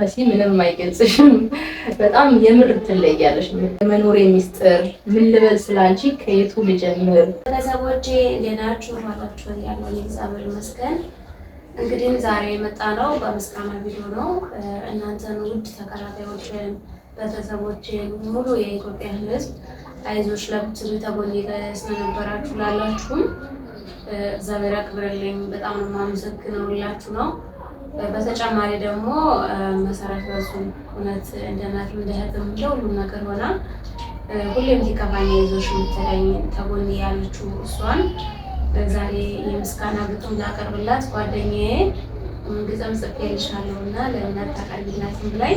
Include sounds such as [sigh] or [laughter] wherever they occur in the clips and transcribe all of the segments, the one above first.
መሲ ምንም አይገልጽሽም። በጣም የምር ትለያለሽ። የመኖሬ ሚስጥር ምን ልበል ስላንቺ ከየቱ ልጀምር? ቤተሰቦቼ ሌናችሁ ማላችሁ ያለው የእግዚአብሔር ይመስገን። እንግዲህም ዛሬ የመጣ ነው በምስጋና ቪዲዮ ነው። እናንተን ውድ ተከታታዮችን፣ ቤተሰቦችን፣ ሙሉ የኢትዮጵያ ሕዝብ አይዞች ለብትሉ ተጎኔ ስለነበራችሁ ላላችሁም እግዚአብሔር ያክብርልኝ። በጣም ነው የማመሰግነው። ሌላችሁ ነው በተጨማሪ ደግሞ መሰረት በሱ እውነት እንደ እናትም እንደ እህትም ለሁሉም ነገር ሆና ሁሌም ሲከፋኝ አይዞሽ የምትለኝ ተጎኔ ያለችው እሷን ዛሬ የምስጋና ግጥም ላቀርብላት ጓደኛዬ ግጥም ጽፌልሻለሁ እና ለእናት ታቀርቢላትም ብላኝ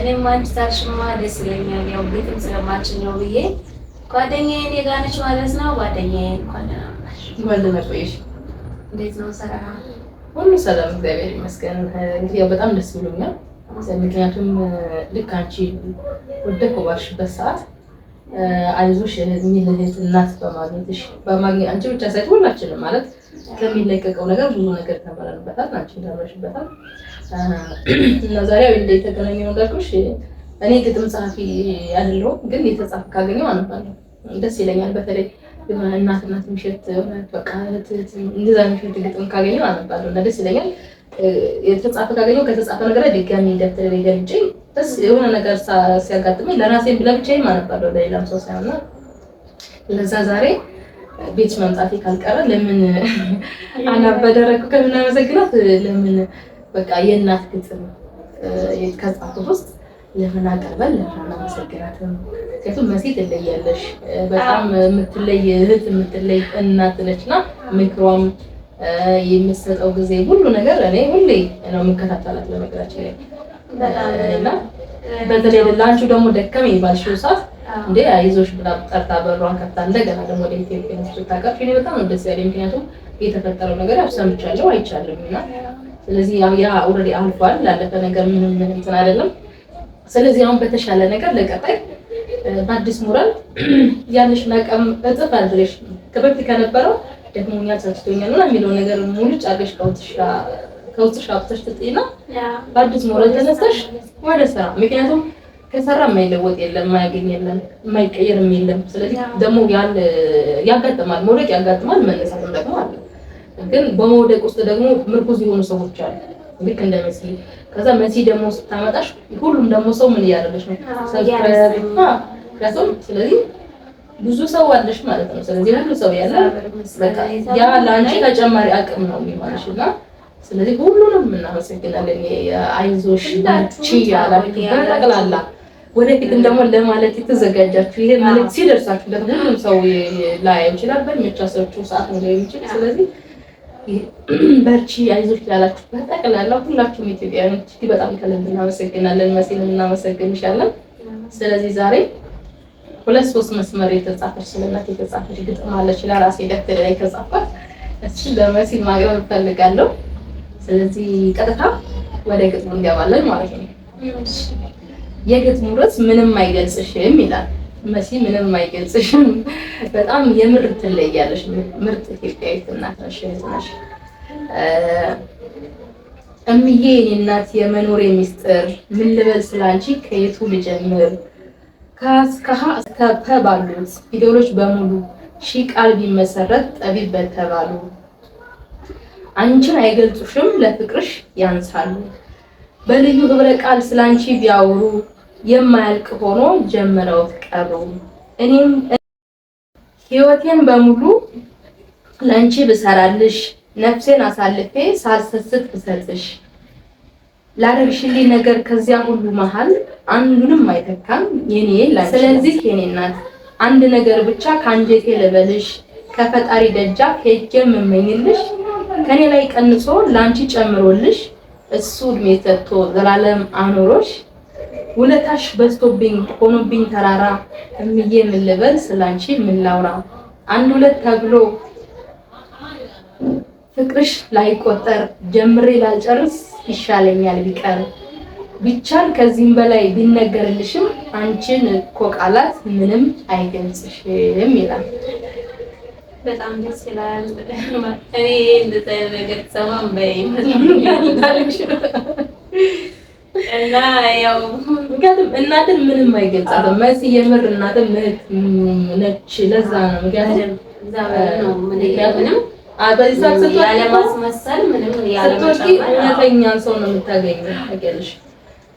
እኔም አንቺ ታልሽማ ደስ ይለኛል፣ ያው ግጥም ስለማችን ነው ብዬ ጓደኛዬ እኔ ጋር ነች ማለት ነው። ጓደኛዬ እንኳን ደህና መጣሽ። እንዴት ነው ሰራ? ሁሉ ሰላም፣ እግዚአብሔር ይመስገን። እንግዲህ ያው በጣም ደስ ብሎኛል። ምክንያቱም ልክ አንቺ ወደድኩ ባልሽበት ሰዓት አይዞሽ የሚል እህት እናት በማግኘትሽ በማግኘት አንቺ ብቻ ሳይት ሁላችንም ማለት ከሚለቀቀው ነገር ብዙ ነገር ተመረንበታል፣ አንቺ ተመረሽበታል እና ዛሬ ያው እንደ የተገናኘው እንዳልኩሽ እኔ ግጥም ጸሐፊ አይደለሁም፣ ግን የተጻፈ ካገኘው አነባለሁ፣ ደስ ይለኛል በተለይ እናት እናት የሚሸት በቃ እንደዛ የሚሸት ግጥም ካገኘው አነባለሁ እና ደስ ይለኛል። የተጻፈ ካገኘው ከተጻፈ ነገር ድጋሚ ደብተር ገልጬ ደስ የሆነ ነገር ሲያጋጥመኝ ለራሴም ለብቻዬም አነባለሁ ለሌላም ሰው ሳይሆን ለዛ ዛሬ ቤት መምጣቴ ካልቀረ ለምን አናበደረኩ ከምናመሰግናት ለምን በቃ የእናት ግጥም ከጻፉት ውስጥ ዘፈን አቅርበን ለፍና መሰግናትም ምክንያቱም መሲ ትለያለሽ። በጣም የምትለይ እህት የምትለይ እናት ነችና ምክሯም የምትሰጠው ጊዜ ሁሉ ነገር እኔ ሁሌ ነው የምከታተላት። በነገራችን ላይ እና በተለይ ለአንቺ ደግሞ ደከመኝ ባልሽው ሰዓት እንዴ አይዞሽ ብላ ጠርታ በሯን ከፍታ እንደገና ደግሞ ወደ ኢትዮጵያ ስታቀፍ እኔ በጣም ነው ደስ ያለኝ። ምክንያቱም የተፈጠረው ነገር ያው ሰምቻለሁ አይቻልም እና ስለዚህ ያ ኦልሬዲ አልፏል። ላለፈ ነገር ምንም እንትን አይደለም ስለዚህ አሁን በተሻለ ነገር ለቀጣይ በአዲስ ሞራል [clears throat] ያለሽን አቅም እጥፍ አድርሽ ከበፊት ከነበረው ደክሞኛል፣ ሰልችቶኛል ና የሚለው ነገር ሙሉጭ አድርገሽ ከውስጥሽ አውጥተሽ ትጥይና በአዲስ ሞራል ተነሳሽ ወደ ስራ። ምክንያቱም ከሰራ የማይለወጥ የለም፣ የማያገኝ የለም፣ የማይቀየርም የለም። ስለዚህ ደግሞ ያጋጥማል፣ መውደቅ ያጋጥማል፣ መነሳትም ደግሞ አለ። ግን በመውደቅ ውስጥ ደግሞ ምርኩዝ የሆኑ ሰዎች አሉ ልክ እንደመስል ከዛ መሲ ደግሞ ስታመጣሽ ሁሉም ደግሞ ሰው ምን እያደረገች ነው ስለዚህ ብዙ ሰው አለሽ ማለት ነው። ስለዚህ ሁሉ ሰው ያለ ያ ለአንቺ ተጨማሪ አቅም ነው የሚሆንሽ እና ስለዚህ ሁሉንም እናመሰግናለን። አይዞሽ ቺ ያላችሁ በጠቅላላ ወደፊትም ደግሞ ለማለት የተዘጋጃችሁ ይሄ ማለት ሲደርሳችሁ ሁሉም ሰው ላይ ይችላል በሚቻሰችሁ ሰዓት ነው ይችላል ስለዚህ በርቺ አይዞች ላላችሁ በጠቅላላው ሁላችሁም ኢትዮጵያኖች እጅግ በጣም ከልብ እናመሰግናለን። መሲንም እናመሰግንሻለን። ስለዚህ ዛሬ ሁለት ሶስት መስመር የተጻፈች ስለናት የተጻፈች ግጥም አለች ለራሴ ደብተር ላይ የተጻፈች እሱ ለመሲል ማቅረብ እፈልጋለሁ። ስለዚህ ቀጥታ ወደ ግጥሙ እንገባለን ማለት ነው። የግጥሙ ርዕስ ምንም አይገልጽሽም ይላል። መሲ ምንም አይገልጽሽም። በጣም የምር ትለያለሽ። ምርጥ ኢትዮጵያዊት እናት ነሽ፣ እህት ነሽ። እምዬ እናት የመኖር ሚስጥር ምን ልበል ስላንቺ ከየቱ ልጀምር? ከሀ እስከ ፐ ባሉት ፊደሎች በሙሉ ሺ ቃል ቢመሰረት ጠቢብ በተባሉ አንቺን አይገልጹሽም ለፍቅርሽ ያንሳሉ። በልዩ ህብረ ቃል ስላንቺ ቢያወሩ የማያልቅ ሆኖ ጀምረውት ቀሩ። እኔም ህይወቴን በሙሉ ለአንቺ ብሰራልሽ፣ ነፍሴን አሳልፌ ሳልሰስት ብሰጥሽ፣ ላደረግሽልኝ ነገር ከዚያ ሁሉ መሃል አንዱንም አይተካም የኔ። ስለዚህ የኔ እናት አንድ ነገር ብቻ ከአንጀቴ ልበልሽ፣ ከፈጣሪ ደጃፍ ሄጄ የምመኝልሽ ከኔ ላይ ቀንሶ ለአንቺ ጨምሮልሽ እሱ እድሜ ሰጥቶ ዘላለም አኖሮሽ ውለታሽ በዝቶብኝ ሆኖብኝ ተራራ እምዬ ምን ልበል ስላንቺ ምን ላውራ አንድ ሁለት ተብሎ ፍቅርሽ ላይቆጠር ጀምሬ ላልጨርስ ይሻለኛል ቢቀር ቢቻል ከዚህም በላይ ቢነገርልሽም አንቺን እኮ ቃላት ምንም አይገልጽሽም ይላል። በጣም ደስ ይላል። እኔ እንደዛ ነገር ሰማም በይ እና ያው ምክንያቱም እናትን ምንም አይገልጻትም። መሲ የምር እናትን ምህት ነች። ለዛ ነው ምክንያቱም እውነተኛ ሰው ነው የምታገኘው።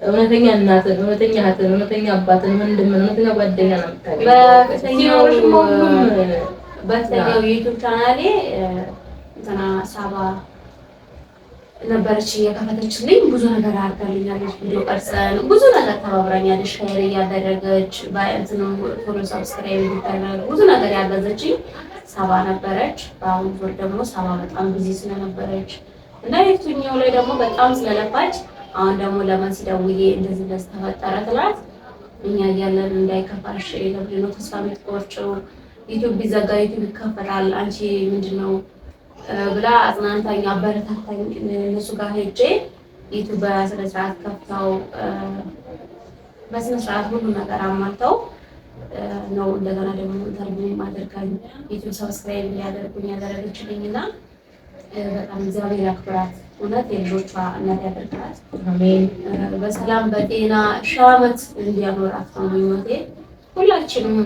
እውነተኛ እናትን፣ እውነተኛ እህትን፣ እውነተኛ አባትን፣ ወንድምን፣ እውነተኛ ጓደኛ ነው የምታገኘው። በተኛው ዩቱብ ቻናሌ ሳባ ነበረች እየከፈተችልኝ ብዙ ነገር አድርጋልኛለች። ቪዲዮ ቀርጸን ብዙ ነገር ተባብራኛለች። ሼር እያደረገች በእንትንም ቶሎ ሰብስክራይብ እንዲደረግ ብዙ ነገር ያገዘችኝ ሰባ ነበረች። በአሁን ዙር ደግሞ ሰባ በጣም ጊዜ ስለነበረች እና የቱኛው ላይ ደግሞ በጣም ስለለፋች አሁን ደግሞ ለመን ሲደውዬ እንደዚህ እንደዚህ ተፈጠረ ትላት እኛ እያለን እንዳይከፋሽ ለምንድነው ተስፋ የምትቆርጪው? ዩቱብ ቢዘጋ ዩቱብ ይከፈላል። አንቺ ምንድነው ብላ አጽናንታኝ አበረታታኝ። እነሱ ጋር ሄጄ ቤቱ በስነስርዓት ከፍተው በስነስርዓት ሁሉ ነገር አሟልተው ነው እንደገና ደግሞ ኢንተርቪው አድርጋኝ ዩቱብ ሰብስክራይብ እንዲያደርጉኝ ያደረገችልኝ እና በጣም እግዚአብሔር አክብራት እውነት የልጆቿ እናት ያደርጋት። በሰላም በጤና ሺህ ዓመት እንዲያኖራት ነው ሞቴ ሁላችንም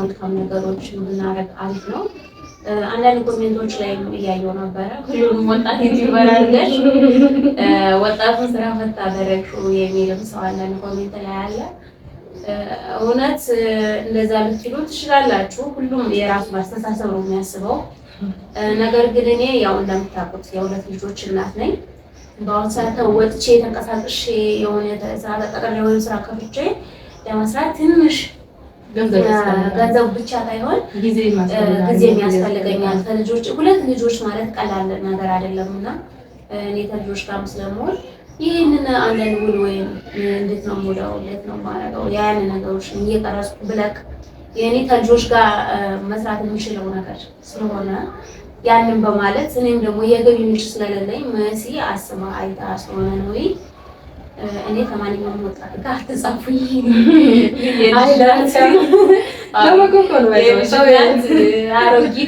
መልካም ነገሮች ብናደርግ አሪፍ ነው። አንዳንድ ኮሜንቶች ላይ እያየው ነበረ። ሁሉም ወጣት ይበራለች፣ [laughs] ወጣቱ ስራ ፈታ አደረግሽው የሚልም ሰው አንዳንድ ኮሜንት ላይ አለ። እውነት እንደዛ ልትሉ ትችላላችሁ። ሁሉም የራሱ አስተሳሰብ ነው የሚያስበው። ነገር ግን እኔ ያው እንደምታውቁት የሁለት ልጆች እናት ነኝ። በአሁኑ ሰዓት ወጥቼ ተንቀሳቅሼ የሆነ ስራ ተቀጠር የሆነ ስራ ከፍቼ ለመስራት ትንሽ ገንዘብ ብቻ ሳይሆን ጊዜ ያስፈልገኛል። ከልጆች ሁለት ልጆች ማለት ቀላል ነገር አይደለም እና እኔ ከልጆች ጋር ስለምሆን ይህንን አንዳንድ ውል ወይም እንዴት ነው ሙዳው እንዴት ነው ማረገው ያን ነገሮች እየቀረጽኩ ብለክ የእኔ ከልጆች ጋር መስራት የምችለው ነገር ስለሆነ ያንን በማለት እኔም ደግሞ የገቢ ምንጭ ስለሌለኝ መሲ አስማ አይታ ስለሆነ ነው እኔ ከማንኛውም ወጣት ጋር ተጻፉኝ አሮጊት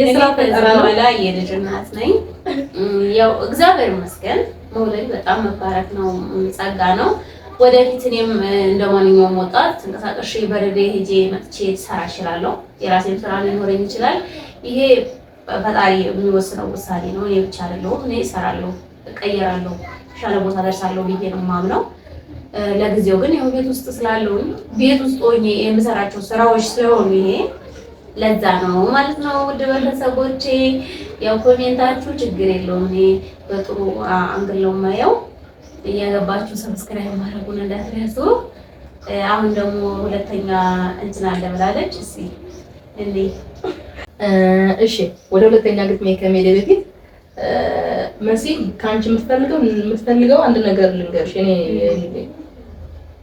የስራ ፈጠራ የልጅ እናት ነኝ። ያው እግዚአብሔር ይመስገን መውለድ በጣም መባረክ ነው፣ ጸጋ ነው። ወደፊት እኔም እንደ ማንኛውም ወጣት ተንቀሳቀሽ በረዴ ሄጄ መጥቼ ሰራ እችላለሁ። የራሴም ስራ ሊኖረኝ ይችላል። ይሄ ፈጣሪ የሚወስነው ውሳኔ ነው። እኔ ብቻ አይደለሁም። እኔ እሰራለሁ፣ እቀየራለሁ፣ የተሻለ ቦታ ደርሳለሁ ብዬ ነው የማምነው። ለጊዜው ግን ያው ቤት ውስጥ ስላለሁኝ ቤት ውስጥ ሆኜ የምሰራቸው ስራዎች ስለሆኑ ይሄ ለዛ ነው ማለት ነው። ውድ ቤተሰቦቼ ያው ኮሜንታችሁ ችግር የለውም። እኔ በጥሩ አንግለው ነው እያገባችሁ ሰብስክራይብ ማድረጉን እንዳትረሱ። አሁን ደግሞ ሁለተኛ እንትን አለ ብላለች። እስኪ እንዴ እሺ ወደ ሁለተኛ ግጥሜ ከመሄድ በፊት መሲ ከአንቺ የምትፈልገው የምትፈልገው አንድ ነገር ልንገርሽ። እኔ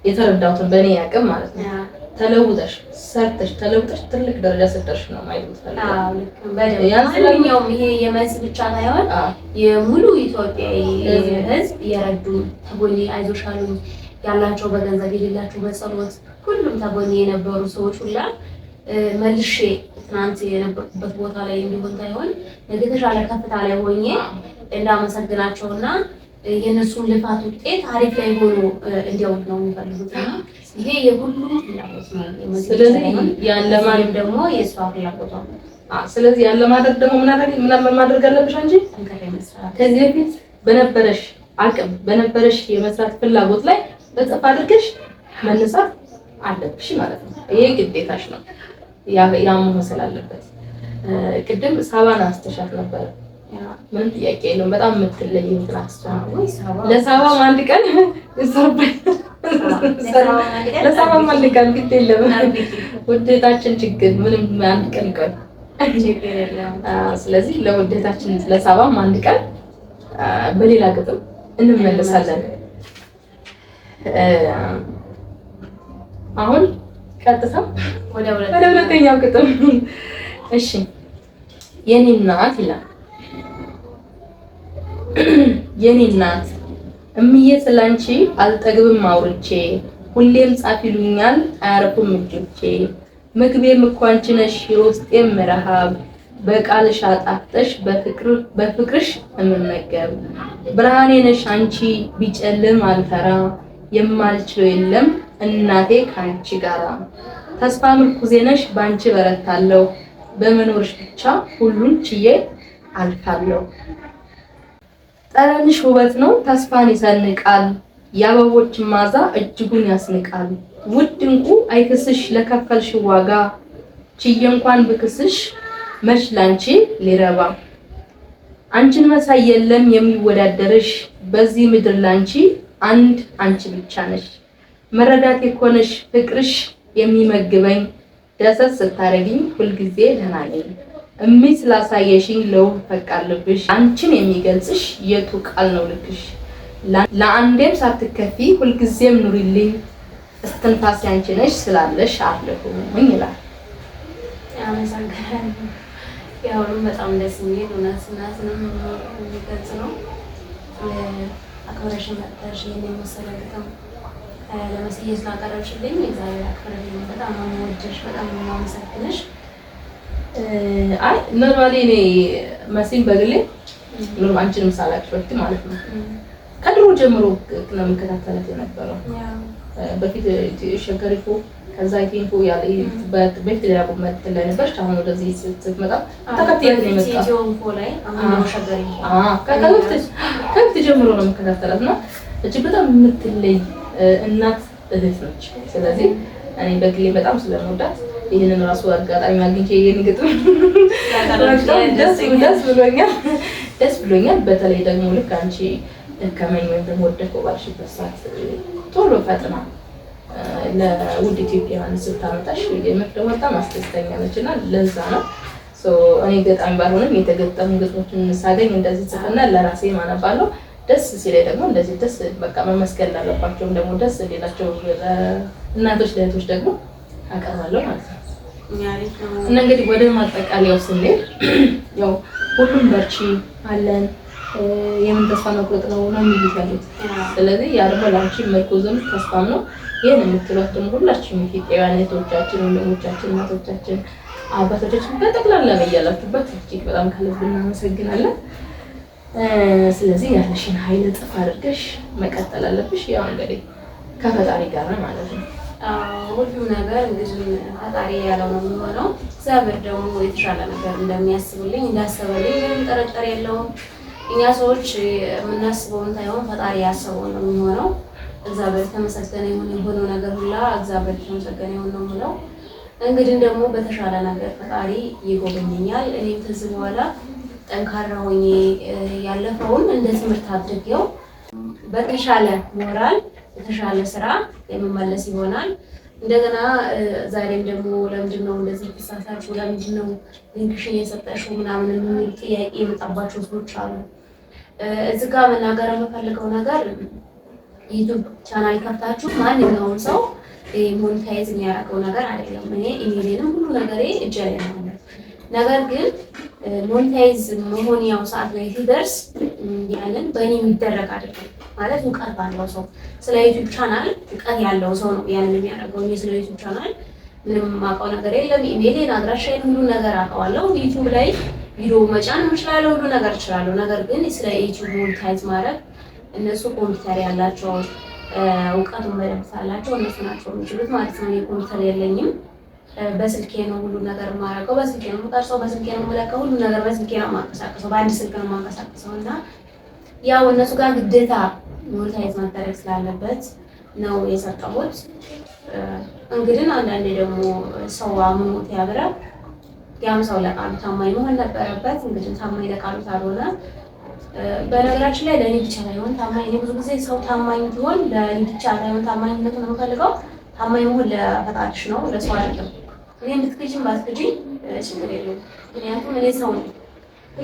የተረዳሁትን በእኔ ያቅም ማለት ነው። ተለውጠሽ ሰርተሽ ተለውጠሽ ትልቅ ደረጃ ስትደርሽ ነው ማየት የምትፈልገው። ይሄ የመሲ ብቻ ሳይሆን የሙሉ ኢትዮጵያ ሕዝብ የረዱ ተጎኔ አይዞሻሉ አሉኝ ያላቸው በገንዘብ የሌላቸው በጸሎት ሁሉም ተጎኔ የነበሩ ሰዎች ሁላ መልሼ ትናንት የነበርኩበት ቦታ ላይ እንዲሆን ሳይሆን ነገ የተሻለ ከፍታ ላይ ሆኜ እንዳመሰግናቸውና የእነሱን ልፋት ውጤት አሪፍ ላይ ሆኖ እንዲያውቅ ነው የሚፈልጉት። ይሄ የሁሉም ፍላጎት ነው። ያለማንም ደግሞ የእሷ ፍላጎት ነው። ስለዚህ ያለ ማድረግ ደግሞ ምናደግ ምን ማድረግ አለብሽ እንጂ ከዚህ በፊት በነበረሽ አቅም በነበረሽ የመስራት ፍላጎት ላይ በጽፍ አድርገሽ መነሳት አለብሽ ማለት ነው። ይሄ ግዴታሽ ነው። ያ መሆን አለበት። ቅድም ሳባን አስተሻት ነበር። ምን ጥያቄ የለውም። በጣም የምትለይ ለሳባም አንድ ቀን ለሳባም አንድ ቀን ግድ የለም ውዴታችን ችግር ምንም አንድ ቀን ቀን ስለዚህ ለውዴታችን ለሳባም አንድ ቀን በሌላ ግጥም እንመለሳለን። አሁን ቀጥታ ወደ ሁለተኛው ቅጥም እሺ የኔ እናት ይላል። የኔ እናት እምዬ ስላንቺ አልጠግብም አውርቼ ሁሌም ጻፍ ይሉኛል አያርፉም እጆቼ ምግቤም እኮ አንቺ ነሽ የውስጤም ረሃብ በቃልሽ አጣፍጠሽ በፍቅርሽ እምመገብ ብርሃኔ ነሽ አንቺ ቢጨልም አልፈራ የማልችለው የለም እናቴ ከአንቺ ጋር ተስፋ ምርኩዜ ነሽ፣ በአንቺ በረታለሁ። በመኖርሽ ብቻ ሁሉን ችዬ አልፋለሁ። ጠረንሽ ውበት ነው፣ ተስፋን ይሰንቃል። የአበቦች ማዛ እጅጉን ያስንቃል። ውድ እንቁ አይክስሽ ለከፈልሽ ዋጋ ችዬ እንኳን ብክስሽ መች ላንቺ ሊረባ አንቺን መሳይ የለም የሚወዳደርሽ በዚህ ምድር ላንቺ አንድ አንቺ ብቻ ነሽ። መረዳት የኮነሽ ፍቅርሽ የሚመግበኝ ደሰት ስታደርግኝ ሁልጊዜ ደህና ነኝ። እሚ ስላሳየሽኝ ለውብ ፈቃልብሽ አንቺን የሚገልጽሽ የቱ ቃል ነው ልክሽ? ለአንዴም ሳትከፊ ሁልጊዜም ኑሪልኝ እስትንፋሴ አንቺ ነሽ ስላለሽ አለሁኝ ይላል። አመሰግናለሁ። በጣም ደስ የሚል እውነት ስናስንም የሚገልጽ ነው። አክብረሽን መጥተሽ ይህን የመሰለ ግጥም ለመስዬ ስላቀረብሽልኝ እግዚአብሔር ያክብርልኝ። በጣም ነው የምወድሽ፣ በጣም ነው የማመሰግንሽ። አይ ኖርማሊ እኔ መሲን በግሌ ኖርማል አንቺንም ሳላውቅሽ በፊት ማለት ነው ከድሮ ጀምሮ ነው የምከታተላት የነበረው። በፊት ሸገሪፎ ከዛ ቴንፎ ያለ በፊት ሌላ ቁመት ላይ ነበርሽ። አሁን ወደዚህ ስትመጣ ተከትያት ነው የመጣው። ከበፊት ጀምሮ ነው የምከታተላት እና እጅግ በጣም የምትለይ እናት እህት ነች። ስለዚህ እኔ በግሌ በጣም ስለምወዳት ይህንን ራሱ አጋጣሚ አግኝቼ ይህን ግጥም ደስ ብሎኛል ደስ ብሎኛል። በተለይ ደግሞ ልክ አንቺ ከመኝ ወይም ደግሞ ወደቆ ባልሽበት ሰዓት ቶሎ ፈጥና ለውድ ኢትዮጵያውያን ስታመጣሽ የምትደው በጣም አስደስተኛ ነች እና ለዛ ነው እኔ ገጣሚ ባልሆንም የተገጠሙ ግጥሞችን ሳገኝ እንደዚህ ጽፍና ለራሴ ማነባለው። ደስ ሲላይ ደግሞ እንደዚህ ደስ በቃ መመስገን እንዳለባቸውም ደግሞ ደስ ሌላቸው እናቶች ለእህቶች ደግሞ አቀርባለሁ ማለት ነው። እና እንግዲህ ወደ ማጠቃለያው ስንሄድ [clears throat] ያው ሁሉም በርቺ አለን የምን ተስፋ መቁረጥ ነው ነው የሚሉት ያሉት። ስለዚህ ያ ደግሞ ለአንቺ ምርኩዝም ተስፋም ነው። ይህን የምትሏትም ሁላችሁም ኢትዮጵያውያን እህቶቻችን፣ ወንድሞቻችን፣ እናቶቻችን፣ አባቶቻችን በጠቅላላ በያላችሁበት እጅግ በጣም ከልብ እናመሰግናለን። ስለዚህ ያለሽን ኃይል እጥፍ አድርገሽ መቀጠል አለብሽ። ያው እንግዲህ ከፈጣሪ ጋር ማለት ነው። ሁሉም ነገር እንግዲህ ፈጣሪ ያለው ነው የሚሆነው። እግዚአብሔር ደግሞ የተሻለ ነገር እንደሚያስብልኝ እንዳሰበልኝ ምንም ጥርጥር የለውም። እኛ ሰዎች የምናስበውን ሳይሆን ፈጣሪ ያሰበው ነው የሚሆነው። እግዚአብሔር ተመሰገነ ይሁን። የሆነው ነገር ሁላ እግዚአብሔር ተመሰገነ ይሁን ነው የምለው። እንግዲህ ደግሞ በተሻለ ነገር ፈጣሪ ይጎበኘኛል። እኔም ከዚህ በኋላ ጠንካራ ሆኜ ያለፈውን እንደ ትምህርት አድርጌው በተሻለ ሞራል የተሻለ ስራ የመመለስ ይሆናል። እንደገና ዛሬም ደግሞ ለምንድን ነው እንደዚህ ተሳሳችሁ፣ ለምንድን ነው ሊንክሽን የሰጠሽው ምናምን የሚል ጥያቄ የመጣባቸው ሰዎች አሉ። እዚህ ጋር መናገር የምፈልገው ነገር ዩቱብ ቻናል ከፍታችሁ ማንኛውም ሰው ሞኒታይዝ የሚያደርገው ነገር አይደለም። እኔ ኢሜሌንም ሁሉ ነገሬ እጄ ላይ ነው ነገር ግን ሞኔታይዝ ያው ሰዓት ላይ ሲደርስ ያለን በእኔ የሚደረግ አይደለም ማለት እውቀት ባለው ሰው ስለ ዩቱብ ቻናል እውቀት ያለው ሰው ነው ያንን የሚያደርገው። እኔ ስለ ዩቱብ ቻናል ምንም የማውቀው ነገር የለም። ኢሜይሌን፣ አድራሻዬን ሁሉ ነገር አውቀዋለሁ። ዩቱብ ላይ ቪዲዮ መጫን እችላለሁ፣ ሁሉ ነገር እችላለሁ። ነገር ግን ስለ ዩቱብ ሞኔታይዝ ማድረግ እነሱ ኮምፒውተር ያላቸው እውቀቱን በደንብ ሳላቸው እነሱ ናቸው የሚችሉት ማለት ነው። እኔ ኮምፒውተር የለኝም። በስልኬ ነው ሁሉ ነገር የማደርገው፣ በስልኬ ነው የምቀርጸው፣ በስልኬ ነው የምለቀው፣ ሁሉ ነገር በስልኬ ነው የማንቀሳቀሰው፣ በአንድ ስልክ ነው የማንቀሳቀሰው እና ያው እነሱ ጋር ግዴታ ሞኒታይዝ መደረግ ስላለበት ነው የሰጠሁት። እንግዲህ አንዳንዴ ደግሞ ሰው አምኖት ያብራል። ያም ሰው ለቃሉ ታማኝ መሆን ነበረበት። እንግዲህ ታማኝ ለቃሉ ካልሆነ በነገራችን ላይ ለእኔ ብቻ ሳይሆን ታማኝ ብዙ ጊዜ ሰው ታማኝ ሲሆን ለእኔ ብቻ ሳይሆን ታማኝነቱን የምፈልገው ታማኝ መሆን ለፈጣሪሽ ነው፣ ለሰው አይደለም። እኔ እንድትክጂም ባትክጂኝ ችግር የለም። ምክንያቱም እኔ ሰው ነኝ።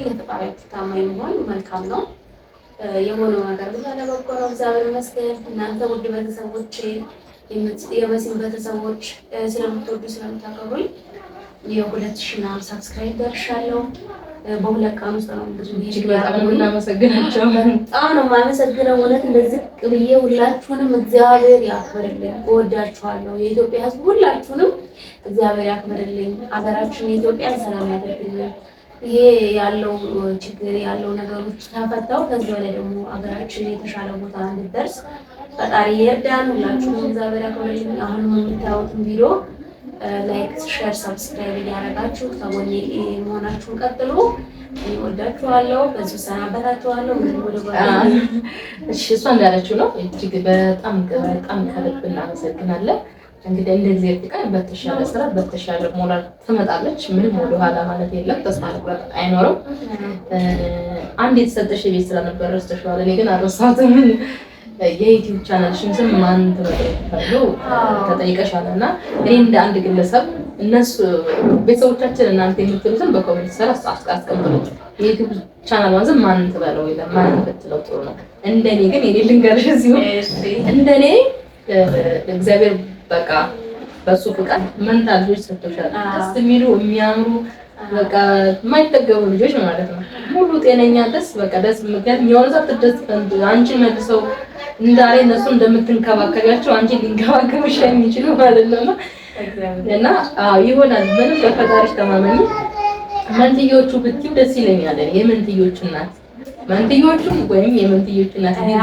ለፈጣሪያችሁ ታማኝ መሆን መልካም ነው። የሆነው ነገር ብዛ ለበጎ ነው። እግዚአብሔር ይመስገን። እናንተ ውድ ቤተሰቦች፣ የመሲን ቤተሰቦች ስለምትወዱ ስለምታከብሩኝ የሁለት ሺህ ምናምን ሳብስክራይብ ደርሻለሁ። በሁለት ቀን ውስጥ ነው የማመሰግናቸው። በጣም ነው የማመሰግነው። እውነት እንደዚህ ብዬ ሁላችሁንም እግዚአብሔር ያክብርልኝ። እወዳችኋለሁ። የኢትዮጵያ ሕዝብ ሁላችሁንም እግዚአብሔር ያክብርልኝ። ሀገራችን የኢትዮጵያን ሰላም ያደርግልን። ይሄ ያለው ችግር ያለው ነገሮች ተፈታው፣ ከዚህ በላይ ደግሞ ሀገራችን የተሻለ ቦታ እንድትደርስ ፈጣሪ ይርዳን። ሁላችሁንም እግዚአብሔር ያክብርልኝ። አሁን የምታዩትን ቪዲዮ ላይክ፣ ሼር፣ ሰብስክራይብ እያደረጋችሁ ከጎኔ መሆናችሁን ቀጥሉ። ወዳችኋለሁ። በዙ ሰናበታችኋለሁ። እሺ፣ እሷ እንዳለችው ነው። እጅግ በጣም በጣም ከልብ እናመሰግናለን። እንግዲህ እንደዚህ ቀን በተሻለ ስራ በተሻለ ሞራል ትመጣለች። ምንም ወደኋላ ማለት የለም። ተስፋ መቁረጥ አይኖርም። አንድ የተሰጠሽ የቤት ስራ ነበር ረስተሽዋል። እኔ ግን አልረሳሁትም። የዩቲዩብ ቻናልሽን ስም ማን ተጠይቃሉ ተጠይቀሻል። እና እኔ እንደ አንድ ግለሰብ እነሱ ቤተሰቦቻችን እናንተ የምትሉትን በኮሜንት ስር አስቀምጡ። የዩቲዩብ ቻናል ዋንዝ ማን ትበለው ይላል ማን ትበትለው ጥሩ ነው። እንደኔ ግን እኔ ልንገርሽ እዚሁ እንደኔ እግዚአብሔር በቃ በሱ ፍቃድ መንታ ልጆች ሰጥቶሻል። ደስ የሚሉ የሚያምሩ በቃ የማይጠገቡ ልጆች ማለት ነው። ሙሉ ጤነኛ ደስ በቃ ደስ ምክንያት የሆነ ደስ ትደስፈንድ አንቺ መልሰው እንዳሬ እነሱ እንደምትንከባከቢያቸው አንቺ ሊንከባከብሽ የሚችሉ ማለት ነው። እና ይሆናል። ምንም በፈጣሪሽ ተማመኝ። መንትዮቹ ብትዩ ደስ ይለኛል። የመንትዮቹ እናት መንትዮቹም ወይም የመንትዮቹ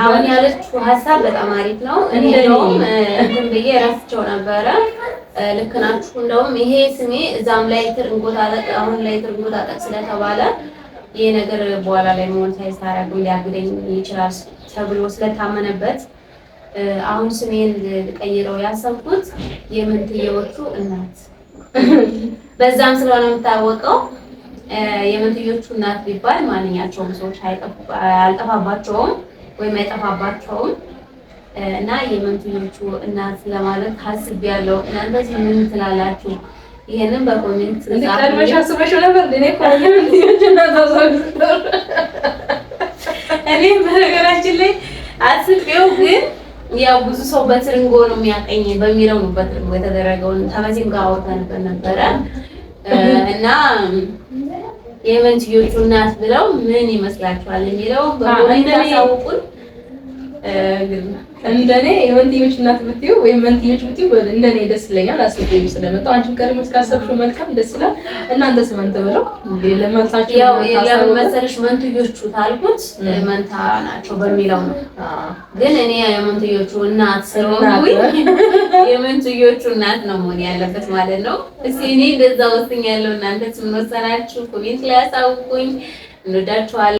አሁን ያለችው ሀሳብ በጣም አሪፍ ነው። እንደውም እንትን ብዬ ረስቸው ነበረ። ልክ ናችሁ። እንደውም ይሄ ስሜ እዛም ላይ ትርንጎታጠቅ አሁን ላይ ትርንጎታጠቅ ስለተባለ ይሄ ነገር በኋላ ላይ ሞኔታይዝ ታደርግም ሊያግደኝ ይችላል ተብሎ ስለታመነበት አሁን ስሜን ቀይረው ያሰብኩት የመንትዮቹ እናት በዛም ስለሆነ የምታወቀው የመንትዮቹ እናት ቢባል ማንኛቸውም ሰዎች አልጠፋባቸውም ወይም አይጠፋባቸውም እና የመንትዮቹ እናት ለማለት ሀስብ ያለው እናንተስ ምን ትላላችሁ? ይሄንን በኮሜንት እኔ በነገራችን ላይ አስቤው ግን ያው ብዙ ሰው በትርንጎ ነው የሚያቀኝ በሚለው ነው በትርንጎ የተደረገውን ተመሲም ጋር አወጣንበት ነበረ እና የመንትዮቹ እናት ብለው ምን ይመስላችኋል የሚለውን በጎ ታሳውቁን። እንደኔ የመንትዮች እናት ብትዩ ወይም መንትዮች ብትዩ እንደኔ ደስ ይለኛል። አስቤ ስለመጣሁ አንቺም ቀድሞ እስካሰብሽው መልካም ደስ ይላል። እናንተስ ማን ተብለው ለመልሳችሁ ያው የመሰለሽ መንትዮቹ ታልኩት መንታ ናቸው በሚለው ነው። ግን እኔ የመንትዮቹ እናት ስለሆንኩኝ [laughs] የመንትዮቹ እናት ነው መሆን ያለበት ማለት ነው። እስኪ እኔ እንደዛ ወስኛለሁ። እናንተስ ምን ወሰናችሁ? ኮሜንት ላይ አሳውቁኝ። እንወዳችኋለን።